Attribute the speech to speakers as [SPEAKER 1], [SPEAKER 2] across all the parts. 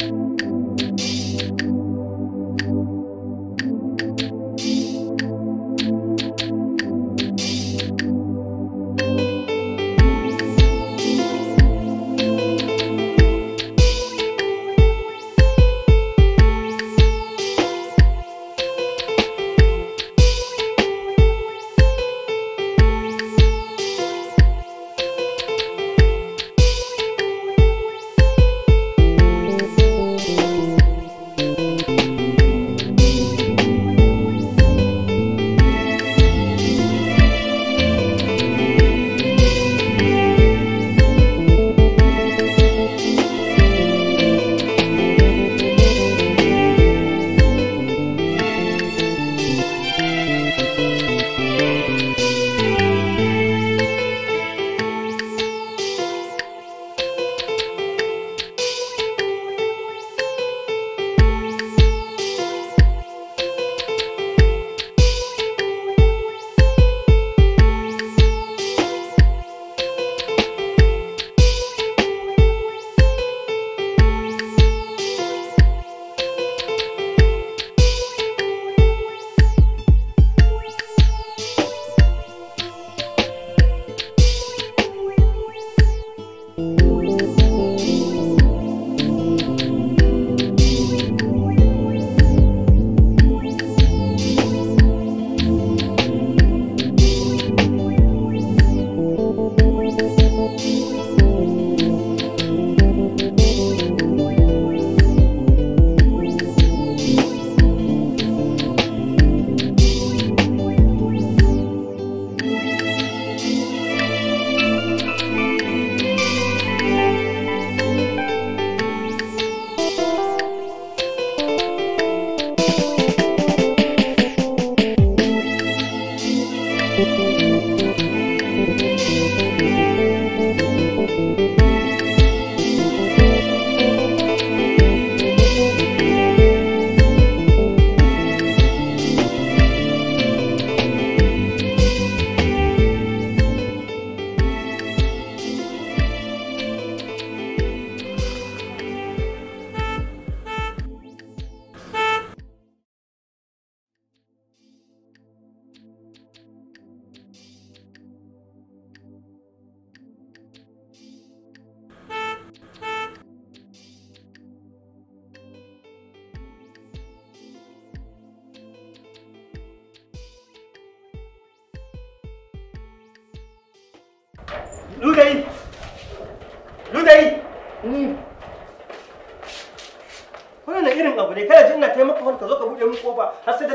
[SPEAKER 1] you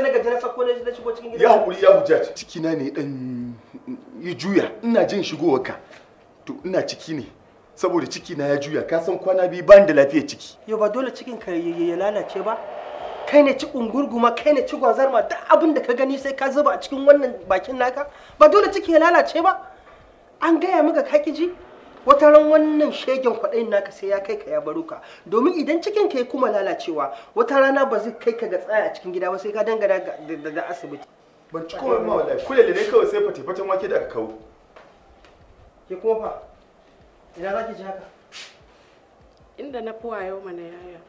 [SPEAKER 2] na gaji na ne na ya
[SPEAKER 3] hakuri ya ciki na ya juya ina jin to ina ciki saboda ciki na ya juya ka san kwana biyu ban da lafiyar ciki
[SPEAKER 2] yo ba dole cikin ka ya lalace ba kai ne ci ungurguma kai ne ci gwazarma duk abin da ka gani sai ka zuba a cikin wannan bakin naka ba dole ciki ya lalace ba an gaya maka ka ji wata ran wannan shegen kwaɗayin naka sai ya kai ka ya baro ka domin idan cikin ka ya kuma lalacewa wata rana ba zai kai ka ga tsaya a cikin gida ba sai ka dangana da asibiti ban ci komai ma wallahi kule ne kawai sai fate fatan wake da aka kawo ke kuma
[SPEAKER 4] fa ina zaki ji haka inda na fuwa yau mana yaya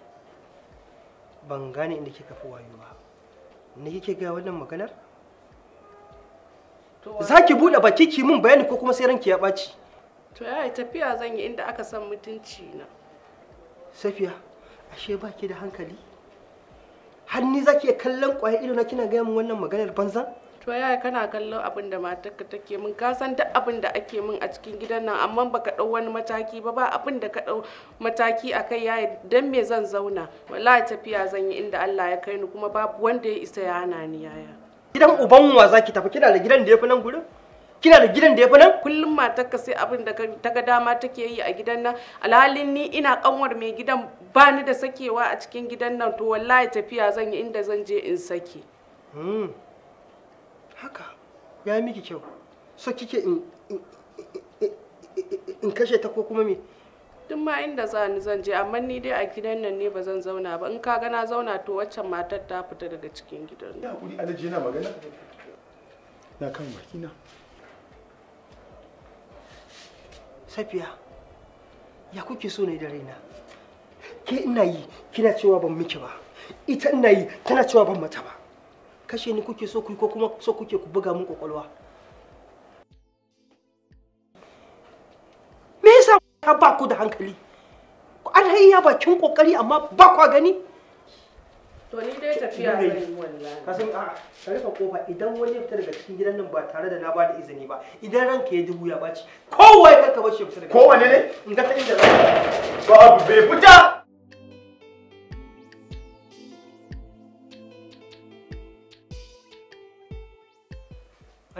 [SPEAKER 2] ban gane inda kika fi wayo ba ne kike ga wannan maganar za ki buɗe baki ki mun bayani ko kuma sai ranki ya ɓaci
[SPEAKER 4] to yaya tafiya zan yi inda aka san mutunci na
[SPEAKER 2] safiya ashe ba ki da hankali har ni zaki kallon kwaya ido na kina gaya min wannan maganar banza?
[SPEAKER 4] to yaya kana kallon abin da matarka take min ka san duk abin da ake min a cikin gidan nan amma baka dau wani mataki ba ba abin da ka dau mataki akai yaya dan me zan zauna wallahi tafiya zan yi inda Allah ya kai ni kuma babu wanda ya isa ya ni yaya
[SPEAKER 2] gidan uban wa zaki tafi kina da gidan da yafi nan gurin kina da gidan da ya nan
[SPEAKER 4] kullum ka sai abin da ta ga dama take yi a gidan nan alhalin ni ina kanwar mai gidan ba ni da sakewa a cikin gidan nan to wallahi tafiya zan yi inda zan je in sake
[SPEAKER 5] hmm.
[SPEAKER 2] haka ya miki kyau so kike in in kashe ta ko kuma me
[SPEAKER 4] duk ma inda za ni zan je amma ni dai a gidan nan ne ba zan zauna ba in ka ga na zauna to waccan matar ta fita daga cikin gidan ya hakuri alaji yana magana
[SPEAKER 2] na kan baki na safiya ya kuke so ne da raina ke ina yi kina cewa ban miki ba ita ina yi tana cewa ban mata ba kashe ni kuke so ku ko kuma so kuke ku buga mun kwakwalwa me yasa ba ku da hankali an iya bakin kokari amma ba
[SPEAKER 4] kwa gani to ni dai tafiya zan yi
[SPEAKER 2] wallahi ka a a'a ka rufe kofa idan wani ya fita daga cikin gidan nan ba tare da na ba da izini ba idan ranka ya dubu ya baci kowai ka ka bar shi fita daga kowane ne in ka ta inda za ba abu bai fita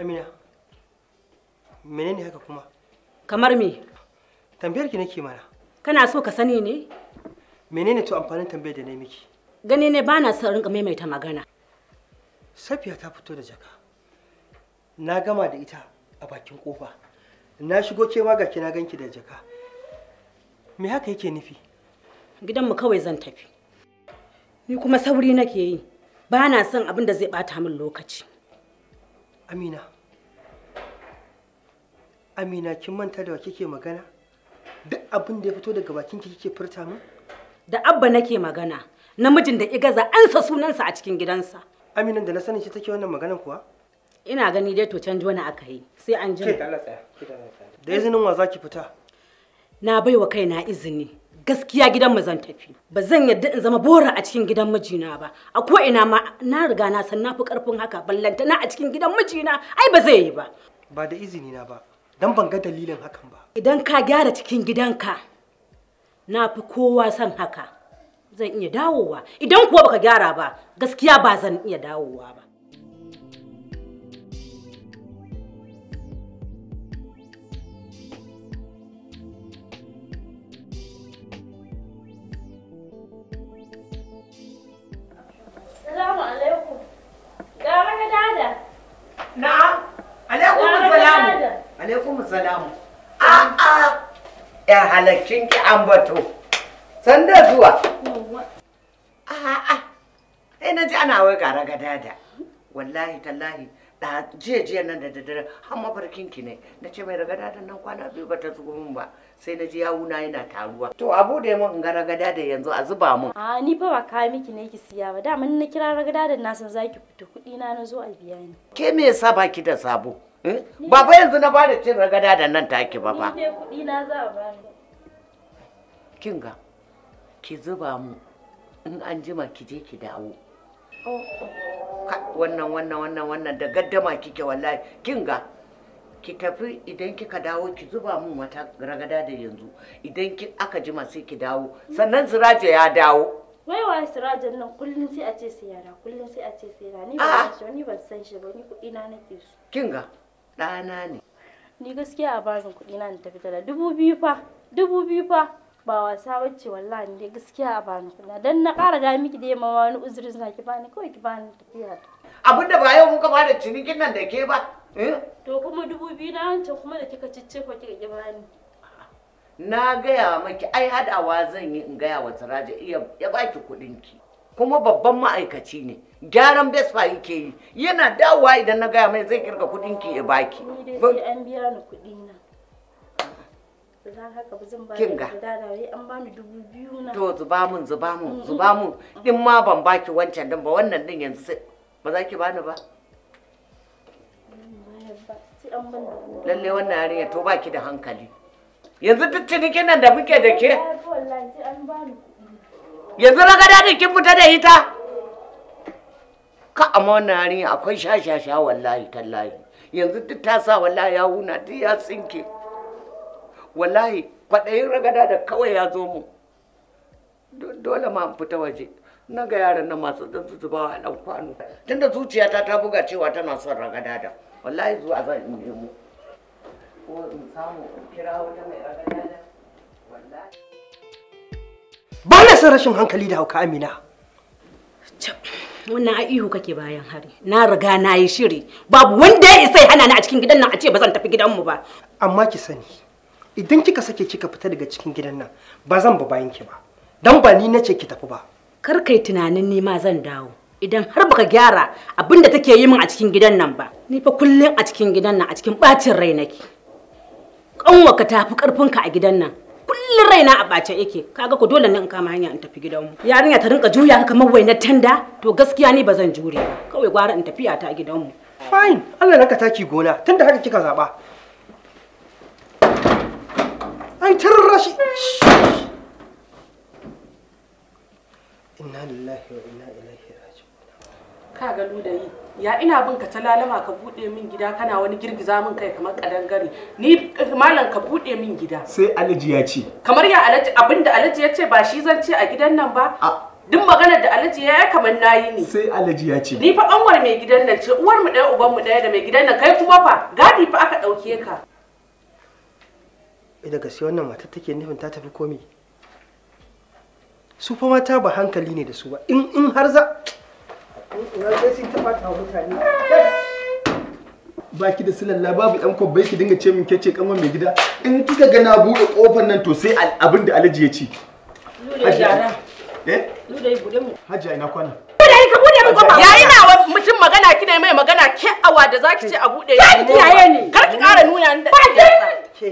[SPEAKER 2] Amina, menene haka kuma? Kamar me? Tambayar ki nake mana.
[SPEAKER 6] Kana so ka sani ne?
[SPEAKER 2] Menene to amfanin
[SPEAKER 6] tambayar da na miki? Gani ne ba na son rinka maimaita magana. Safiya ta fito da
[SPEAKER 2] jaka. Na gama da ita a bakin kofa. Na shigo ke ma gaki na ganki da jaka. Me haka yake nufi? Gidanmu kawai zan tafi.
[SPEAKER 6] Ni kuma sauri nake yi. Ba na son abin da zai bata min lokaci.
[SPEAKER 2] Amina. Amina kin manta da wa kike magana? Duk abin da ya fito daga bakin ki kike furta min?
[SPEAKER 6] Da abba nake magana. namijin da igaza ansa sunansa a cikin gidansa aminan da na sani shi take wannan maganar kuwa ina gani dai to canji wani aka yi sai an ji
[SPEAKER 2] da izinin
[SPEAKER 6] wa zaki fita na baiwa kaina izini gaskiya gidan zan tafi ba zan yadda in zama bora a cikin gidan mijina ba a ko ina ma na riga na san na fi karfin haka ballanta na a cikin gidan mijina ai ba zai yi ba ba da izini na ba dan ban ga dalilin hakan ba idan ka gyara cikin gidanka na fi kowa son haka zan iya dawowa idan kuwa baka gyara ba gaskiya ba zan iya dawowa ba
[SPEAKER 1] Salamu alaikum. Gara ga dada.
[SPEAKER 7] Na'am. Alaikum salamu. Alaikum salamu. A'a. Ya halakkin ki ambato. Sanda zuwa. ana wai gara gada da wallahi tallahi da jiya jiya nan da daddare har mafarkin ki ne na ce mai ragada da nan kwana biyu ba ta zugo min ba sai na ji yawuna yana taruwa to abu da mun ga ragada da yanzu a zuba mun
[SPEAKER 1] a ni fa ba ka miki ne ki siya ba da mun na kira ragada da na san zaki fita kudi na na zo a biya
[SPEAKER 7] ni ke me yasa ba ki da sabo Baba hmm? yanzu na bada cin ragada da nan take ba fa
[SPEAKER 1] ni na za a bani
[SPEAKER 7] ki zuba mu in an jima ki je ki dawo wannan wannan wannan wannan da gaddama kike wallahi kin ga ki tafi idan kika dawo ki zuba min wata ragada da yanzu idan ki aka jima sai ki dawo sannan siraje ya dawo
[SPEAKER 1] wai wai sirajen nan kullum sai a ce sai yara kullum sai a ce sai yara ni ah! ba shi ni ban san shi ba ni kudi na nake su kin ga ɗana ne ni gaskiya a bani kudi na ni tafi da dubu biyu fa dubu biyu fa ba wasa wacce wallahi dai gaskiya a bani kuɗa dan na ƙara ga miki dai ma wani uzuri suna ki bani kawai ki bani tafiya
[SPEAKER 7] abin da ba yau muka ba da cinikin nan da ke ba eh? to
[SPEAKER 1] kuma dubu biyu na hancin kuma da kika ciccefa kika ki bani
[SPEAKER 7] na gaya maki ai hadawa zan yi in gaya wa Siraja iya ya baki kuɗin ki kuma babban ma'aikaci ne gyaran besfa yake yi yana dawowa idan na gaya mai zai kirga kuɗin ki ya baki ni dai
[SPEAKER 1] an biya ni kuɗi na kinga to
[SPEAKER 7] zuba mun zuba mun zuba mun din ma ban baki wancan din ba wannan din yanzu sai ba za ki bani ba lalle wannan yarinya to baki da hankali yanzu duk cinikin nan da muke da ke yanzu ragada da kin fita da ita ka amma wannan yarinya akwai shashasha wallahi tallahi yanzu duk ta sa wallahi ya huna duk ya tsinke wallahi kwaɗayin ragada da kawai ya zo mu dole ma fita waje na ga yaran nan masu dan zuzubawa a dan kwano tunda zuciyata ta buga cewa tana son ragada da wallahi zuwa zan in nemo ko in samu kira wata mai ragada da wallahi
[SPEAKER 2] ba na son rashin hankali da
[SPEAKER 6] hauka amina wannan a ihu kake bayan hari na riga na yi
[SPEAKER 2] shiri babu wanda ya isa ya hana ni a cikin gidan nan a ce ba zan tafi gidanmu ba amma ki sani idan kika sake kika fita daga cikin gidan nan ba zan ba bayan ki ba dan ba ni nace ki tafi ba
[SPEAKER 6] kar kai tunanin ni ma zan dawo idan har baka gyara abin da take yi min a cikin gidan nan ba ni fa kullun a cikin gidan nan a cikin bacin rai nake kanwaka tafi fi karfinka a gidan nan kullun raina a bace yake kaga ko dole ne in kama hanya in tafi gidan mu. yarinya ta rinka juya kamar wainar tanda to gaskiya ni ba zan jure ba kawai gwara in tafiya ta mu.
[SPEAKER 2] fine Allah naka taki gona tunda haka kika zaba yi inna lillahi wa inna ilaihi
[SPEAKER 4] raji'un ka ga ludayi ya ina bin ka ta lalama ka bude min gida kana wani girgiza min kai kamar kadangare ni malam ka bude min gida
[SPEAKER 3] sai alaji ya ce
[SPEAKER 4] kamar ya alaji, abinda alaji ya ce ba shi zan ce a gidan nan ba duk maganar da alaji ya yi kamar nayi ne sai alaji ya ce ni fa kanwar mai gidan nan ce uwar mu ɗaya uban mu ɗaya da mai gidan nan kai kuma fa gadi fa aka ɗauke ka
[SPEAKER 2] da gaske wannan matar take nufin ta tafi komi su fa mata ba hankali ne da su ba in in har za baki da silalla babu yan kwabbai ki dinga ce min kece kamar mai gida in kika ga na bude kofar nan to sai abin da alaji ya ci. Hajiya. Eh? Hajiya ina kwana.
[SPEAKER 4] bude mu kofa yayi na mutum magana kina mai magana ke awa da zaki ce a bude ya mu yaye ni kar ki ƙara nuna ni da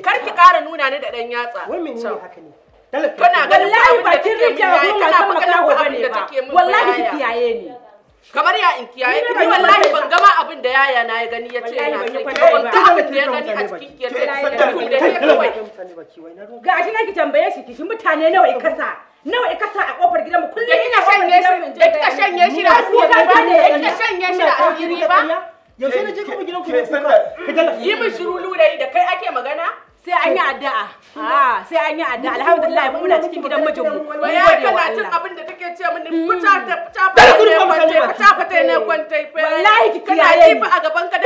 [SPEAKER 4] kar ki ƙara nuna ni da dan yatsa wai menene haka ne kana ganin wallahi ba kin rike ba kana magana ko bane ba wallahi ki kiyaye ni kamar ya in kiyaye ni wallahi ban gama abin da yaya na ya gani ya ce yana sai ban
[SPEAKER 6] ga abin da ya gani a cikin
[SPEAKER 4] ki ya ce da
[SPEAKER 2] ya kawai
[SPEAKER 6] gashi nake tambaye shi kishi mutane nawa ya kasa nawa ka sa a kofar gidanmu kullum
[SPEAKER 2] ina shan
[SPEAKER 4] ne da kika shanye shi da ba ne kika ba
[SPEAKER 2] yanzu na je kofar gidanku ne kuka yi
[SPEAKER 4] da kai ake magana sai an yi a
[SPEAKER 7] sai an yi addu'a alhamdulillah mu cikin gidan ya abin
[SPEAKER 4] da ce fita hmm. ta fita fa ne kwante fita fa ta ne kwante wallahi ki a gaban ka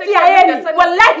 [SPEAKER 4] kiyaye ni wallahi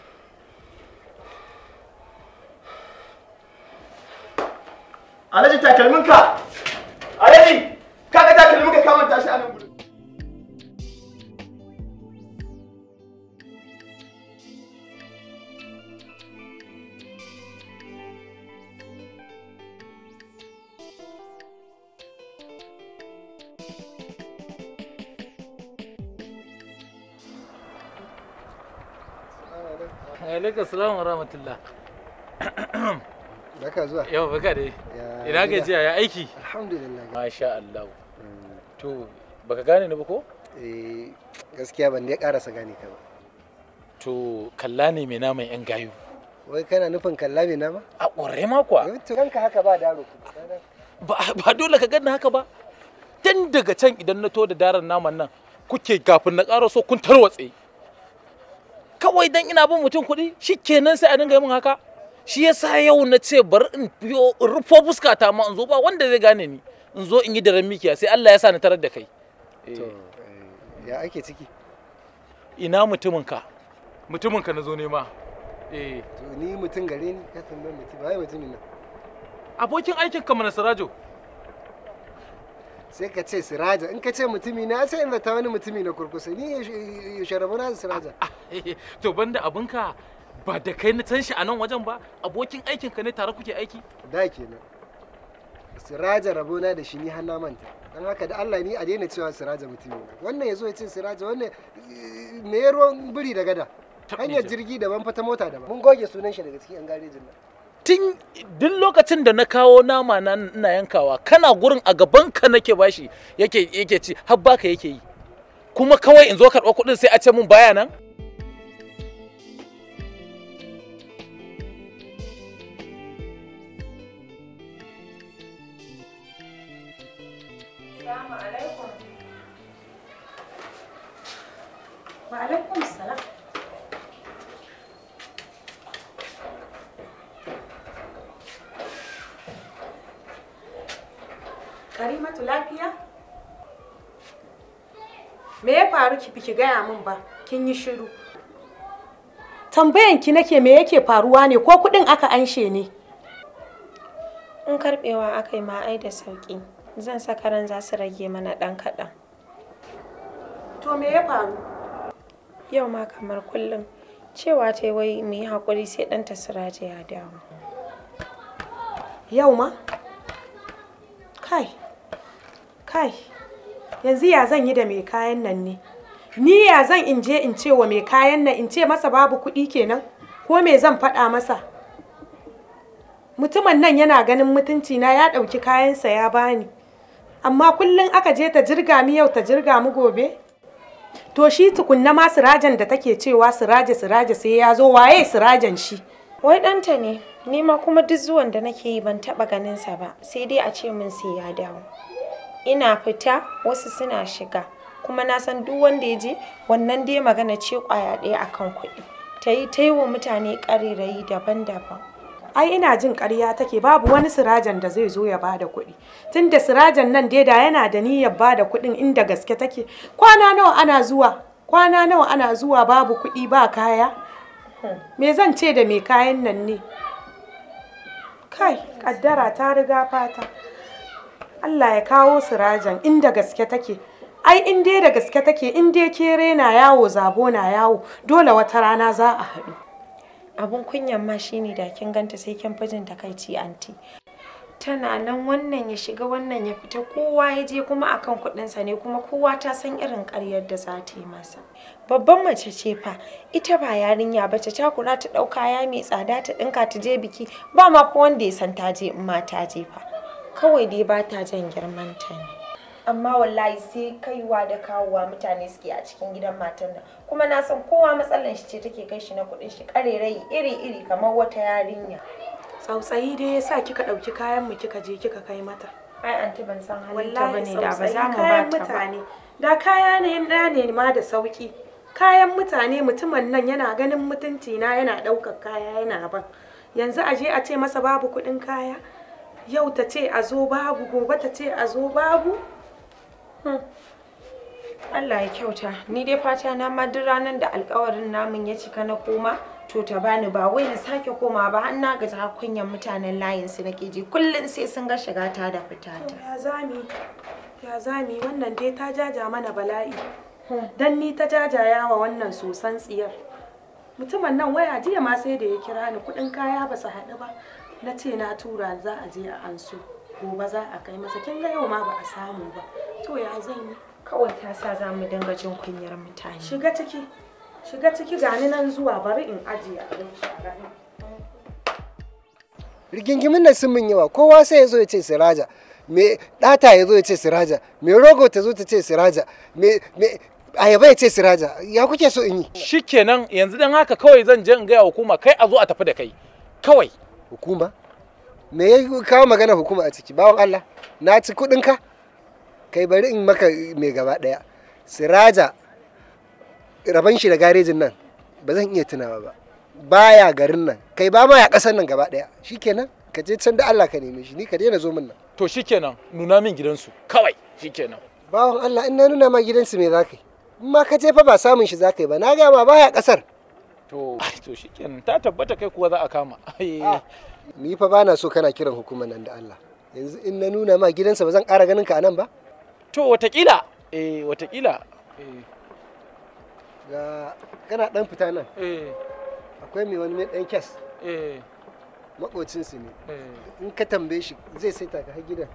[SPEAKER 2] Alhaji takalminka! Alhaji! Kaga takalminka ka manta shi a nan gudu.
[SPEAKER 3] Alaikum salam wa rahmatullah. barka zuwa yau barka dai ina gajiya ya aiki alhamdulillah masha Allah mm. to baka gane ni ba ko eh gaskiya ban dai karasa gane ka ba to kalla ne mai naman yan gayu
[SPEAKER 5] wai kana nufin kalla mai nama a ƙwarai ma kuwa eh, to kanka haka ba
[SPEAKER 3] daro ba dole ka ganna haka ba tun daga can idan na to da daren naman nan kuke gafin na ƙara so kun tarwatse kawai dan ina bin mutum kuɗi shikenan sai a dinga yi yin haka shi yasa yau na ce bar in rufo fuskata ma in zo ba wanda zai gane ni in zo in yi daren mikiya sai Allah ya sa ni tarar da kai
[SPEAKER 5] eh. Eh, ya ake
[SPEAKER 3] ciki ina mutumin ka mutumin ka na zo nema
[SPEAKER 5] eh to ni mutum gare ni ka san mutum bai mutumin nan abokin aikin ka mana Sirajo sai ka ce Siraja in ka ce mutumi na sai in ta wani mutumi na kurkusa ni ya sharabu na Siraja ah, ah,
[SPEAKER 3] eh, to banda abinka ba da kai na san shi a nan wajen ba abokin aikin ka ne tare kuke aiki da kenan
[SPEAKER 5] siraja rabona da shi ni har na manta dan haka da Allah ni a daina cewa siraja mutum ne wannan yazo ya ce siraja wannan eh, me ruwan buri da gada hanyar jirgi daban fata mota daban mun goge sunan shi daga cikin an garejin nan
[SPEAKER 3] tun duk lokacin da na kawo nama na ina yankawa kana gurin a gaban ka nake bashi yake yake ci har baka yake yi kuma kawai in zo karɓa kuɗin sai a ce mun baya nan
[SPEAKER 1] Wa alaikum salam.
[SPEAKER 8] Karimatu lafiya? Me ya faru ki fi gaya min ba? Kin yi shiru. Tambayan ki nake me yake faruwa ne ko kuɗin aka anshe ne? In karɓewa aka
[SPEAKER 9] yi ma ai da sauƙi. Zan saka ran za su rage mana ɗan kaɗan.
[SPEAKER 8] To me ya faru?
[SPEAKER 9] yau ma kamar kullum cewa ta wai mu yi
[SPEAKER 8] haƙuri sai ɗanta siraje ya dawo yau ma kai kai yanzu ya zan yi da mai kayan nan ne ni ya zan in je in ce wa mai kayan nan in ce masa babu kuɗi kenan ko me zan faɗa masa mutumin nan yana ganin mutunci na ya ɗauki kayansa ya bani amma kullum aka je ta jirga mu yau ta jirga mu gobe to shi tukunna ma sirajan da take cewa siraje siraje sai ya zo waye sirajan shi wai ɗanta ne ni ma kuma duk zuwan da nake yi ban taɓa ganinsa ba sai dai
[SPEAKER 9] a ce min sai ya dawo ina fita wasu suna shiga kuma na san duk wanda ya je wannan dai magana ce kwaya ɗaya akan kuɗi ta yi ta yi wa mutane
[SPEAKER 8] ƙarerayi daban-daban ai ina jin ƙarya take babu wani sirajan da zai zo ya ba da kuɗi tunda sirajan nan dai da yana da niyyar da kuɗin inda gaske take kwana nawa ana zuwa kwana nawa ana zuwa babu kuɗi ba kaya me zan ce da me kayan nan ne kai kaddara ta riga fata Allah ya kawo sirajan inda gaske take ai in dai da gaske take in dai kere na yawo zabo na yawo dole wata rana za a haɗu
[SPEAKER 9] abun kunyan ma shine da kin ganta sai kin fijin takaici anti tana nan wannan ya shiga wannan ya fita kowa ya je kuma akan kuɗinsa ne kuma kowa ta san irin ƙaryar da za ta yi masa babban mace ce fa ita ba yarinya ba ta takura ta ɗauka, kaya mai tsada ta ɗinka ta je biki ba ma ko wanda ya san ta je in ma ta je fa kawai dai ba ta jan girman ta ne amma wallahi sai kaiwa da kawowa mutane suke a cikin gidan matan nan kuma na san kowa matsalan shi ce take kai shi na kuɗin shi karerai iri
[SPEAKER 8] iri kamar wata yarinya tsautsayi dai ya sa kika ɗauki kayan mu kika je kika kai mata ai anti ban san halitta bane da ba za mu ba mutane da kaya ne da ne ma da sauki kayan mutane mutumin nan yana ganin mutunci na yana ɗaukar kaya yana ban yanzu aje a ce masa babu kuɗin kaya yau ta ce a zo babu gobe ta ce a zo babu Hmm. Allah ya
[SPEAKER 9] kyauta ni dai fata na ma duk ranar da alkawarin namun ya cika na koma to ta bani ba wai na sake koma ba har na ta kunyan mutanen layin su nake ji kullun sai sun ga shiga ta
[SPEAKER 8] da fita ta ya zami ya zami wannan dai ta jaja mana bala'i hmm. dan ni ta jajaya wa wannan sosan tsiyar mutumin nan waya jiya ma sai da ya kira ni kuɗin kaya ba su haɗu ba na ce na tura za a je a ansu. gobe za a kai masa kin ga yau ma ba a samu ba to ya zan yi kawai ta sa za mu dinga
[SPEAKER 5] jin kunyar mutane
[SPEAKER 8] shiga ciki shiga ciki gani nan zuwa bari in ajiye shara.
[SPEAKER 5] rigingimin nan sun min yawa kowa sai ya zo ya ce siraja me ɗata ya zo ya ce siraja me rogo ta zo ta ce siraja me me ayaba ya ce siraja ya kuke so in yi
[SPEAKER 3] shikenan yanzu dan haka kawai zan je in gaya hukuma kai a
[SPEAKER 5] zo a tafi da kai kawai hukuma me ya kawo magana hukuma a ciki bawan Allah na ci kudinka kai bari in maka mai gaba ɗaya siraja raban shi da garejin nan ba zan iya tunawa ba baya garin nan kai ba ma ya ƙasar nan gaba ɗaya shikenan ka je can da Allah ka neme shi ni ka daina zo min nan to shikenan nuna min gidansu kawai shikenan bawan Allah in na nuna ma gidansu me zaka yi in ma ka je fa ba samun shi zaka yi ba na ga ma baya ƙasar to to shikenan ta tabbata kai kuwa za a kama ah. ni fa bana so kana kiran hukumar nan da Allah yanzu in na nuna ma gidansa ba zan ƙara ganin ka anan ba to watakila eh watakila eh ga kana dan fita nan eh akwai mai wani mai dan kes eh makocin su ne eh. in ka tambaye shi zai saita ka har gidan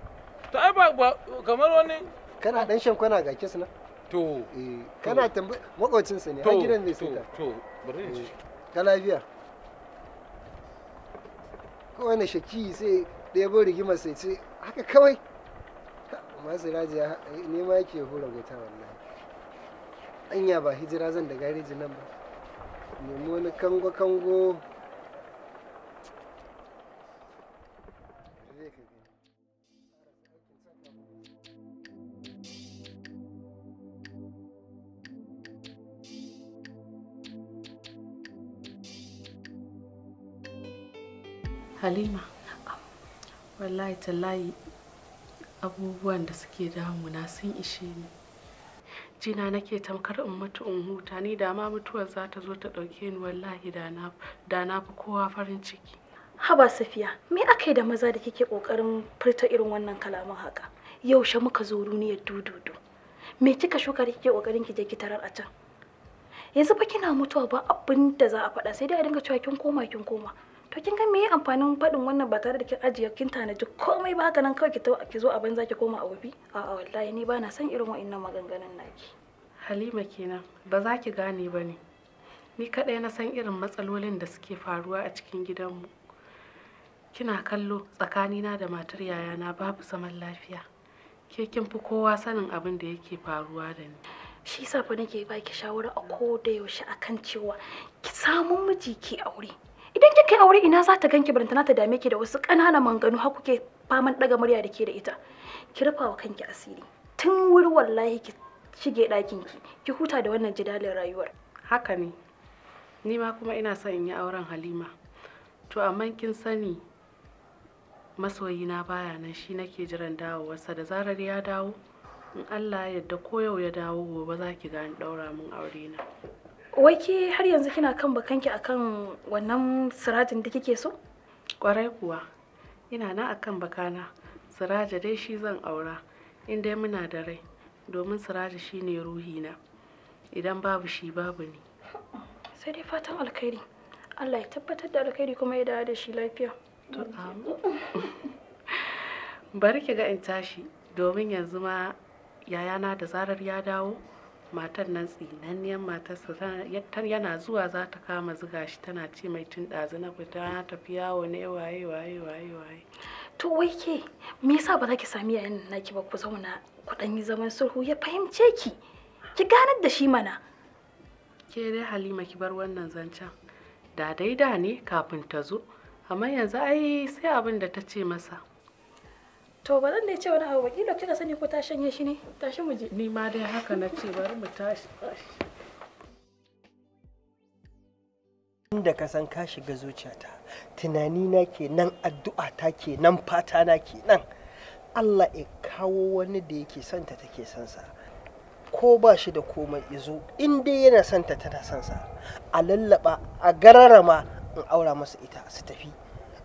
[SPEAKER 3] to ai ba kamar wani
[SPEAKER 5] kana dan shan kwana ga kes na to eh kana tambaye makocin su ne har gidan zai saita to bari eh. kana biya wani shaki sai ɗebo rigima sai ce haka kawai masu rajiya eh, nema yake hura wuta wannan anya ba hijira zan da gareji nan ba nemi wani kango-kango
[SPEAKER 4] halima wallahi tallahi abubuwan da suke damuna sun ishe ni jina nake tamkar in mutu in huta ni da ma mutuwar za ta zo ta ɗauke ni wallahi da na fi kowa farin ciki haba safiya
[SPEAKER 1] me aka yi da maza da kike ƙoƙarin furta irin wannan kalaman haka yaushe muka zo duniyar dududu me kika shuka da kike ƙoƙarin ki je ki tarar a can yanzu fa kina mutuwa ba abin da za a faɗa sai dai a dinga cewa kin koma kin koma to kin ga me ya amfanin faɗin wannan ba tare da kin ajiye kin tanaji komai ba haka nan kawai ki ki zo a banza ki koma a wofi a'a wallahi ni ba na son irin wa'annan maganganun naki
[SPEAKER 4] Halima kenan ba za ki gane ba ne ni kaɗai na san irin matsalolin da suke faruwa a cikin gidanmu kina kallo tsakanina da matar yayana babu zaman lafiya ke kin fi kowa sanin abin da yake faruwa da ni shi yasa
[SPEAKER 1] nake baki shawara a ko da yaushe akan cewa ki samu miji ki aure idan kika yi aure ina za ta ganki barantana ta dame ki da wasu ƙananan manganu har kuke faman ɗaga murya da ke da ita ki rufa wa kanki asiri tun wuri wallahi ki shige ɗakin ki ki huta da wannan jidalin rayuwar
[SPEAKER 4] haka ne ni ma kuma ina son in yi auren halima to amma kin sani masoyina baya nan shi nake jiran dawowarsa da zarar ya dawo in allah ya yarda ko yau ya dawo gobe zaki ki gani ɗaura min aure na
[SPEAKER 1] wai ke har yanzu kina kan bakanki akan wannan sirajin da kike so
[SPEAKER 4] kwarai kuwa ina na akan bakana siraja dai shi zan aura in dai muna da rai domin siraja shine ruhina idan babu shi babu ni
[SPEAKER 1] sai dai fatan alkhairi allah ya tabbatar da alkhairi kuma ya dawo da shi lafiya
[SPEAKER 4] bari ki ga in tashi domin yanzu ma yayana da zarar ya dawo matar nan tsinanniyar matarsa yana zuwa za ta kama zuga shi tana ce mai tun ɗazu na fita tafi yawo ne waye waye waye waye to wai ke me yasa ba
[SPEAKER 1] za ki sami yayin naki ba ku zauna ku yi zaman sulhu ya fahimce ki ki ganar da
[SPEAKER 4] shi mana ke dai halima ki bar wannan zancen da dai da ne kafin ta zo amma yanzu ai sai abin da ta ce masa To
[SPEAKER 1] ba zan dai ce wani abu ba kika sani ko ta shanye shi ne tashi mu je. Ni ma dai haka na ce bari mu tashi.
[SPEAKER 2] Inda ka san ka shiga zuciyata tunani na ke nan addu'a ta ke nan fata na ke nan Allah ya kawo wani da yake santa take sansa ko ba shi da komai izo in dai yana santa tana sansa a lallaba a gararama in aura masa ita su tafi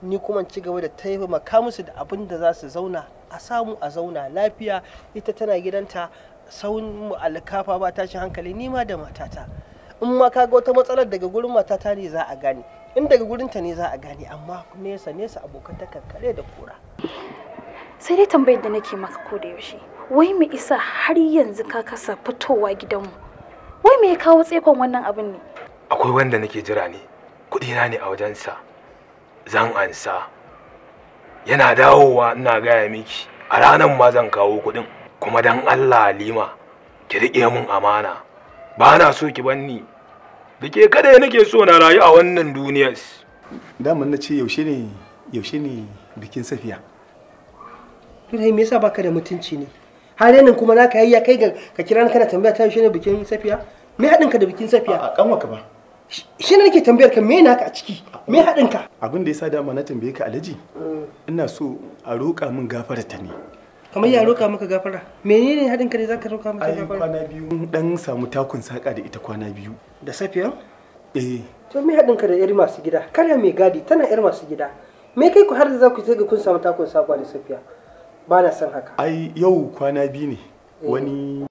[SPEAKER 2] ni kuma ci gaba da taimaka musu da abin da za su zauna a samu a zauna lafiya ita tana gidanta saun mu alkafa ba tashin hankali nima da matata in ma kaga wata matsalar daga gurin matata ne za a gane in daga gurinta ne za a gane amma nesa nesa abokan ta kankare da kura sai dai
[SPEAKER 1] tambayar da nake maka ko da yaushe wai mu isa har yanzu ka kasa fitowa gidanmu wai me ya kawo tsekon wannan abin ne
[SPEAKER 3] akwai wanda nake jira ne kudi na ne a wajensa zan ansa yana dawowa ina gaya miki a ranan ma zan kawo kuɗin kuma dan allah halima ki riƙe min amana ba na so ki banni da ke kada nake so na rayu a wannan duniyar daman na ce yaushe ne yaushe ne bikin safiya
[SPEAKER 2] Ibrahim me yasa baka da mutunci ne har yanin kuma naka yayya kai ga ka kira ni kana tambaya ta yaushe ne bikin safiya me hadin ka da bikin safiya a kanwa ka ba shi ne nake tambayar ka me naka a ciki me
[SPEAKER 3] haɗin ka abin da ya sa dama na tambaye ka alaji ina so a roƙa min gafara ta ne
[SPEAKER 2] kamar ya roƙa maka gafara menene haɗin ka da zaka roƙa maka gafara ai
[SPEAKER 3] kwana biyu dan samu
[SPEAKER 2] takun saka da ita kwana biyu da safiya eh to me haɗin ka da yar masu gida kana mai gadi tana yar masu gida me kai ku har da za ku ga kun samu takun saka da safiya ba na son haka
[SPEAKER 3] ai yau kwana biyu ne eh. wani